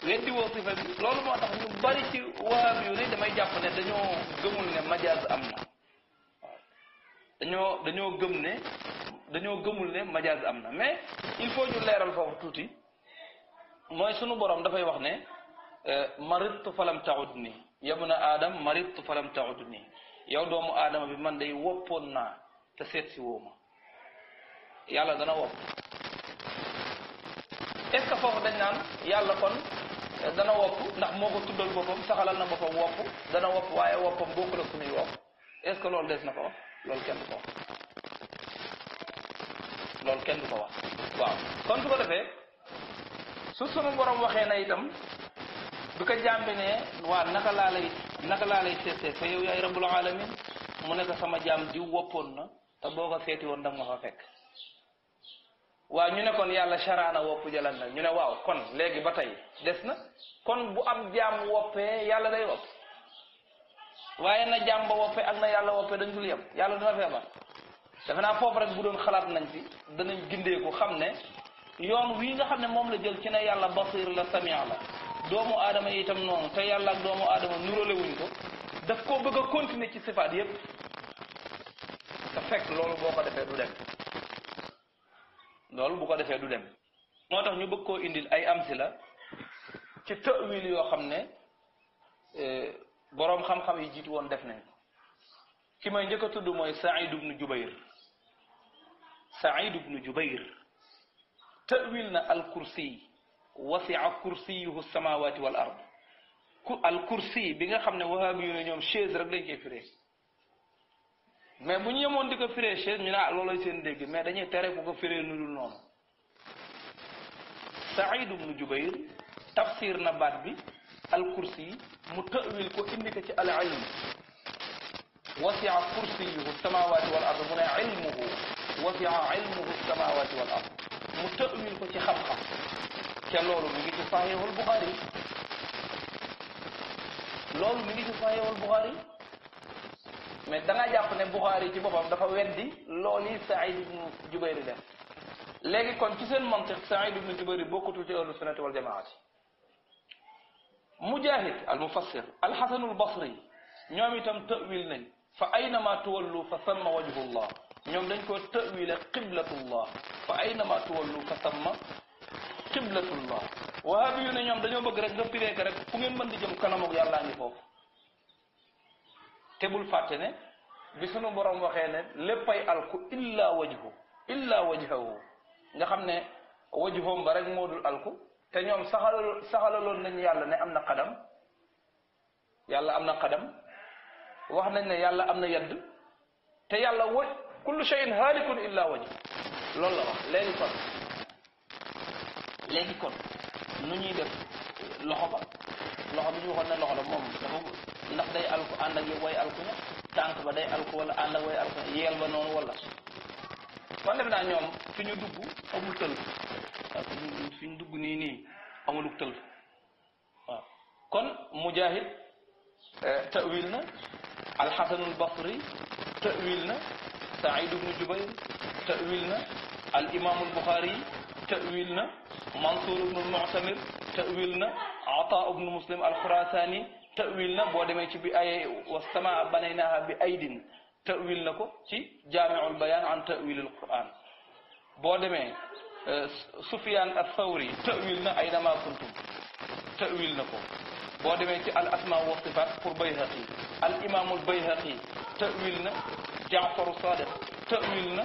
weddi woo sifa bi loolu moo tax ñu bari ci waab yu ne damay jàpp ne dañoo gëmul ne majaas am na dañoo dañoo gëm ne dañoo gëmul ne majaaz am na mais il faut ñu leeral foofu tuuti mooy sunu borom dafay wax ne euh, maridtu falam taud nii yabna aadam maridtu falam taud nii yow doomu aadama bi man day woppoon naa te seet si ma yàlla dana wopp est-ce que foofu dañ naan yàlla kon euh, dana wopp ndax moo ko tuddal boppam saxalal na boppam wopp dana wopp waaye woppam bokkul ak suñuy wopp est loolu des na ko wax loolu kenn ko loolu kenn du ko wax waaw kon su ko defee su sama borom waxee na itam bi ko jàmbi ne waa naka laa lay naka laa lay seetee fa yow yaay rabbul alamin mu nekk sama jaam diw woppoon na te boo ko seeti woon danga ma fa fekk waaw ñu ne kon yàlla sharaana wopp jalan na ñu ne waaw kon léegi ba tey des na kon bu am jaam woppee yàlla day wopp waaye na jaam ba woppee ak na yàlla woppee dañ dul yem yàlla dina feebar dafa naa foofu rek bu doon xalaat nañ ci danañ gindeeku xam ne yoon wi nga xam ne moom la jël ci ne yàlla basir la samia la doomu aadama itam noonu te yàlla ak doomu aadama nurale wuñ ko daf ko bëgg a continuer ci sifaat yépp te fekk loolu boo ko defee du dem loolu bu ko defee du dem moo tax ñu bëgg koo indil ay am amsi la ci tawil yoo xam ne borom xam-xam yi jiitu woon def nañ ko ki may njëkk a tudd mooy Saïd ibnu Jubayr سعيد بن جبير تأويلنا الكرسي وسع كرسيه السماوات والأرض الكرسي بيغا خامني وهابي نيوم شيز رك لاي كيفري مي بو نيمون ديكو فري شيز ني لا لولاي سين ديغ مي داني تاري كوكو فري نودو نون سعيد بن جبير تفسيرنا بات بي الكرسي متأويل كو انديكا سي العلم وسع كرسيه السماوات والارض من علمه wasi'a ilmuhu samawati wal ard mu tëwil ko ci xam-xam te loolu mi ngi ci sahihul buxaari loolu mi ngi ci sahihul buxaari mais da nga jàpp ne buxaari ci boppam dafa weddi loolu yi Saïd ibnu Jubayri def léegi kon ci seen mantiq Saïd ibnu Jubayri bokkutul ci ahlu sunnati wal jamaati mujahid al mufassir al xasanul basri ñoom itam tawil nañ fa aynama tuwallu fa samma wajhu llah ñoom dañ ko tawila qiblatullah fa aynama tuwallu fa samma qiblatullah wahabi yu ne ñoom dañoo bëgg rek nga piree ko rek fu ngeen mën di jëm kanam ak yàllaa ngi foofu te bul fàtte ne bi sunu borom waxee ne léppay alku illa wajhu illa wajhahu nga xam ne wajhum ba rek moo dul alku te ñoom saxal saxalaloon nañu yàlla ne am na xadam yàlla am na xadam wax nañ ne yàlla am na yedd te yàlla waj كل شيء هالك الا وجهه لا لا لين فرق لين كون نوني ديف لوخو لوخو بيني وخون نا لوخو موم دافو ناخ داي الف اند اك واي الف نا تانك با داي الف ولا اند واي الف ييل با نون ولا كون ديفنا نيوم فينو دوبو امول تل فين دوبو ني ني امول تل كون مجاهد تاويلنا الحسن البصري تاويلنا سعيد بن جبير تأويلنا الإمام البخاري تأويلنا منصور بن المعتمر تأويلنا عطاء بن مسلم الخراساني تأويلنا بو دمي ci bi ay بنيناها بأيد تأويلنا كو تأويل جامع البيان عن تأويل القرآن بو دمي سفيان الثوري تأويلنا أينما كنتم تأويلنا كو boo demee ci al asma wa sifaat pour bayhaqi al imaamul bayhaqi tawil na jaafaru sadiq tawil na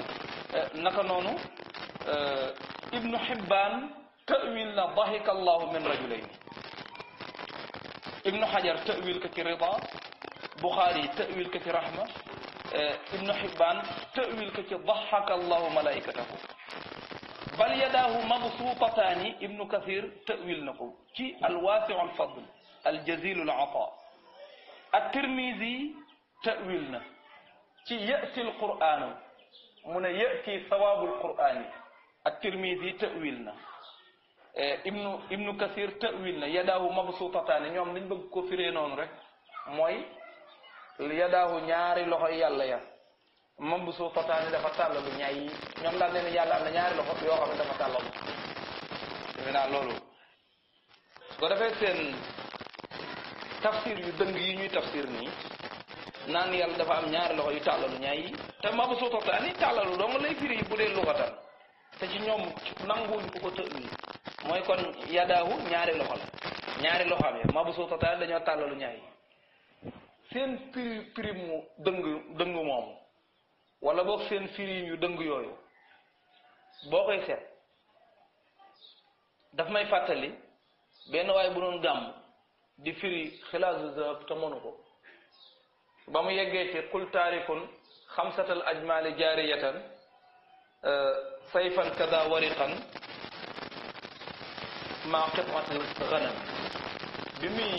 naka noonu ibnu xibbaan tawil na dahika allahu min rajulayni ibnu xajar tawil ko ci rida buxaari tawil ko ci rahma ibnu xibbaan tawil ko ci dahaka allahu malaikatahu bal yadaahu mabsuutataani ibnu kathir tawil na ko ci alwaasiu alfadl الجزيل العطاء الترمذي تأويلنا تي يأتي القرآن من يأتي ثواب القرآن الترمذي تأويلنا إيه، ابن ابن كثير تأويلنا يداه مبسوطتان نيوم نين بوك كفيري نون رك موي يداه نياري لوخو يالا يا مبسوطتان دا فتال بو نياي نيوم دا لين يالا لا نياري لوخو يو خا دا فتال بو سمينا لولو كو دافاي سين tafsir yu dëng yi ñuy tafsir nii naan yàlla dafa am ñaari loxo yu tàllalu ñaay yi te ma bu suutataani tàllalu lay firi bu dee lugatan te ci ñoom nanguwuñ ku ko tëlluñ mooy kon yadaahu ñaari loxo ñaari loxo ya ma bu suutataani dañoo tàllalu ñaay seen firi firi dëng dëng moomu wala boog seen firi yu dëng yooyu boo daf may bu di firi xilaasu zahab te mënu ko ba mu yeggee ci qul taarikun xamsatal ajmaali jaariyatan eh, sayfan kada wariqan maa qit'atil ganam bi muy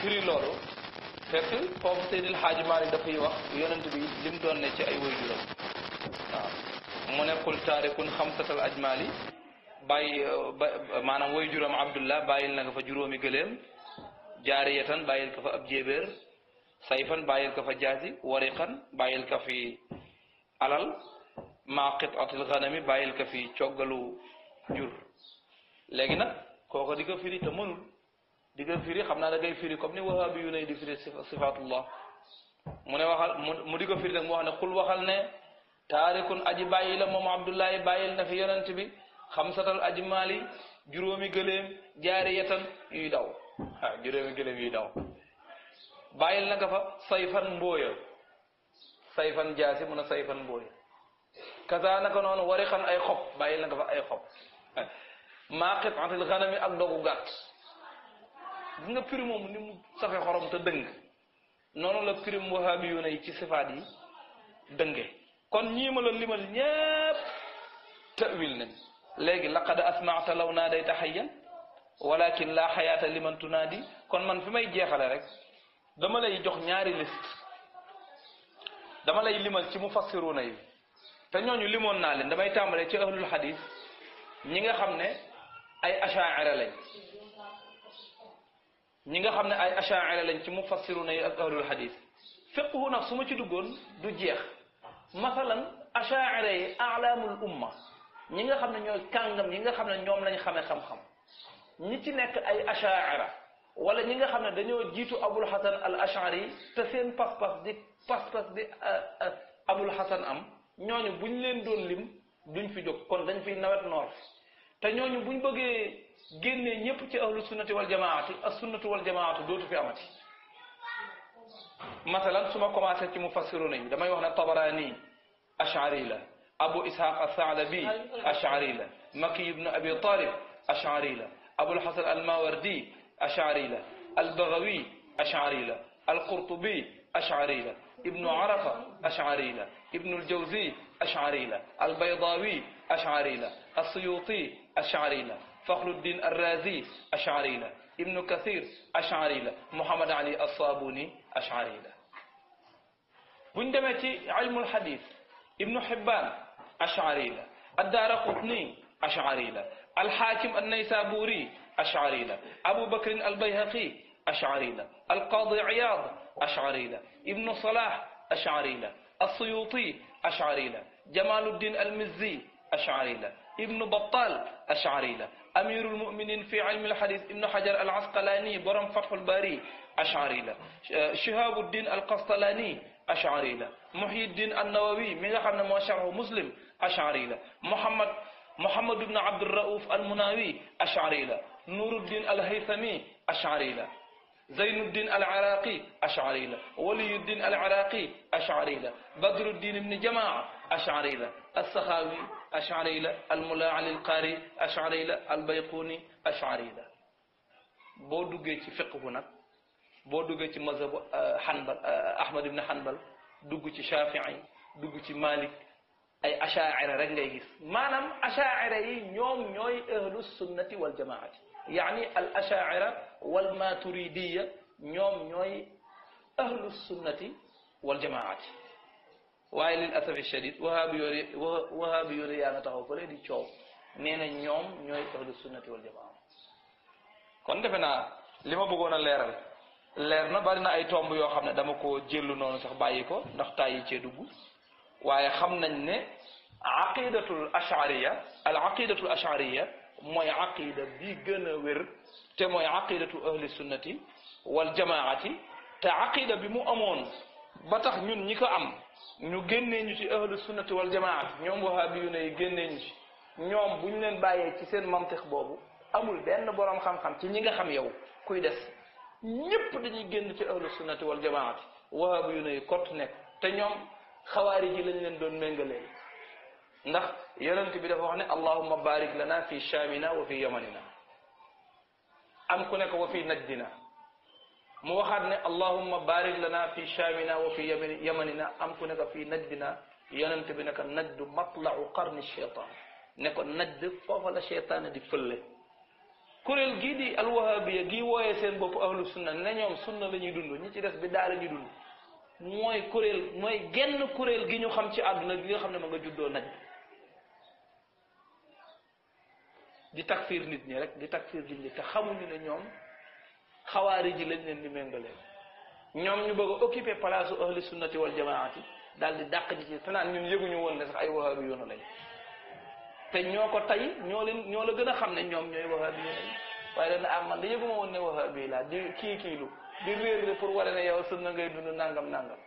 firi loolu fekk foofu Seydil Xaaji Maalik dafay wax yonent bi lim ne ci ay waajuram waaw mu ne qul taarikun xamsatal ajmaali bàyyi maanaam woy juróom abdullah bàyyil na ko fa juróomi gëléem jaariyatan bàyyil ko fa ab jéebéer sayfan bàyyil ko fa jaasi wariqan bàyyil ko fi alal maa qitatil ganami bàyyil ko fi coggalu jur léegi nag kooko di ko firi te mënul di ko firi xam naa da firi comme ni wahabi yu nay di firi sifatullah mu ne waxal mu di firi nag mu wax ne xul waxal ne taarikun aji bàyyi moom abdullahi bàyyil na fi yonent bi xamsatal ajmaali juróomi gëléem jaariyatan yuy daw ah juróomi gëléem yuy daw bàyyil na nga fa sayfan mbooya sayfan jaasi mun a sayfan mbooya kasaa naka noonu wari xan ay xob bàyyil na nga ay xob maa qitaatil xanami ak dogu gàtt gis nga prix ni mu safe xorom te dëng noonu la prix wahabi yu ne ci sifaat yi dënge kon ñii ma la limal ñépp tawil nañ léegi laqad asmaata law naadayta xayyan walakin laa xayaata liman tunaadi kon man fi may jeexale rek dama lay jox ñaari liste dama lay limal ci mufassiruna yi te ñooñu limoon naa leen damay tàmbalee ci ahlul xadis ñi nga xam ne ay achaira lañ ñi nga xam ne ay achaira lañ ci mufassiruna yi ak ahlul xadis fiqhu nag su ma ci duggoon du jeex masalan achaira yi alaamul umma ñi nga xam ne ñooy kàngam ñi nga xam ne ñoom lañ xamee xam-xam ñi ci nekk ay achaira wala ñi nga xam ne dañoo jiitu abul hasan al ashari te seen pas-pas di pas-pas di abul hasan am ñooñu buñ leen doon lim duñ fi jóg kon dañ fiy nawet noor te ñooñu buñ bëggee génnee ñëpp ci ahlu sunnati wal jamaati as sunnatu wal jamaatu dootu fi amati masalan su ma commencé ci mufassiruna yi damay wax ne tabaraani ashari la أبو إسحاق الثعلبي أشعري له مكي بن أبي طالب أشعري له أبو الحسن الماوردي أشعري له البغوي أشعري له القرطبي أشعري له ابن عرفة أشعري له ابن الجوزي أشعري له البيضاوي أشعري له السيوطي أشعري له فخر الدين الرازي أشعري له ابن كثير أشعري له محمد علي الصابوني أشعري له بندمتي علم الحديث ابن حبان أشعري الدار قطني أشعري الحاكم النيسابوري أشعري أبو بكر البيهقي أشعري القاضي عياض أشعري ابن صلاح أشعري السيوطي أشعري جمال الدين المزي أشعري ابن بطال أشعري أمير المؤمنين في علم الحديث ابن حجر العسقلاني برم فتح الباري أشعري آه، شهاب الدين القسطلاني أشعري محي الدين النووي من خمنا مسلم أشعريلا محمد محمد بن عبد الرؤوف المناوي أشعريلا نور الدين الهيثمي أشعريلا زين الدين العراقي أشعريلا ولي الدين العراقي أشعريلا بدر الدين بن جماعة أشعريلا السخاوي الملا علي القاري أشعريلا البيقوني أشعريلا بودو جيتي فقه هنا بودو جيتي مذهب حنبل أحمد بن حنبل دوجي شافعي دوجي مالك ay achaira rek ngay gis maanaam achaira yi ñoom ñooy ahlu sunnati wal jamaati yaani al achaira wal maturidiya ñoom ñooy ahlu sunnati wal jamaati waaye lil asafi shadid wahaabi yore wahaabi yore yaa nga taxaw fële di coow nee na ñoom ñooy ahlu sunnati wal jamaa kon defe naa li ma bëggoon a leeral leer na bari na ay tomb yoo xam ne dama ko jëllu noonu sax bàyyi ko ndax tàyyi cee dugg waaye xam nañ ne aqidatul ashariya al aqidatul ashariya mooy aqida bi gën a wér te mooy aqidatu ahli sunnati wal jamaati te aqida bi mu amoon ba tax ñun ñi ko am ñu génnee ñu ci ahlu sunnati wal jamaati ñoom wahabiyu ne yi génnee ñu ci ñoom bu ñu leen bàyyee ci seen mantiq boobu amul benn borom xam-xam ci ñi nga xam yow kuy des ñépp dañuy génn ci ahlu sunnati wal jamaati wahabiyu ne yi kott nekk te ñoom xawaari yi lañ leen doon méngaleel ndax yonent bi dafa wax ne allahumma barik lana fi shaamina wa fi yamanina am ku ne ko wa fi najdina mu waxaat ne allahumma barik lana fi shaamina wa fi yamanina am ku ne ko fi najdina yonent bi ne ko najdu matlau qarni cheytan ne ko najd foofa la cheytaane di fëlle kuréel gii di alwahabiya gii wooyee seen bopp ahlu sunna ne ñoom sunna la ñuy dund ñi ci des bi daal la ñuy dund mooy kuréel mooy genn kuréel gi ñu xam ci àdduna bi nga xam ne ma nga juddoo naj di takfiir nit ñi rek di takfiir nit ñi te xamuñu ne ñoom xawaari ji lañ leen di méngale ñoom ñu bëgg a occupé palaasu ahli sunnati wal jamaati dal di dàq ji ci te naan ñun yëguñu woon ne sax ay wahaabi yoonu lañ te ñoo ko tey ñoo leen ñoo la gën a xam ne ñoom ñooy wahaabi yoonu lañ waaye dana am ah, man da yëguma woon ne wahaabi laa di kii di صل pour wane ne yow sunna ngay dund nangam nangam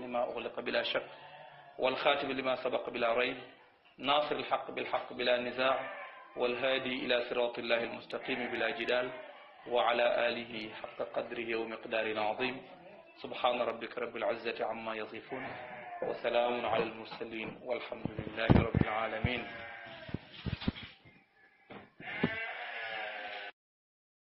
neen والخاتم لما سبق بلا ريب ناصر الحق بالحق بلا نزاع والهادي إلى صراط الله المستقيم بلا جدال وعلى آله حق قدره ومقدار عظيم سبحان ربك رب العزة عما يصفون وسلام على المرسلين والحمد لله رب العالمين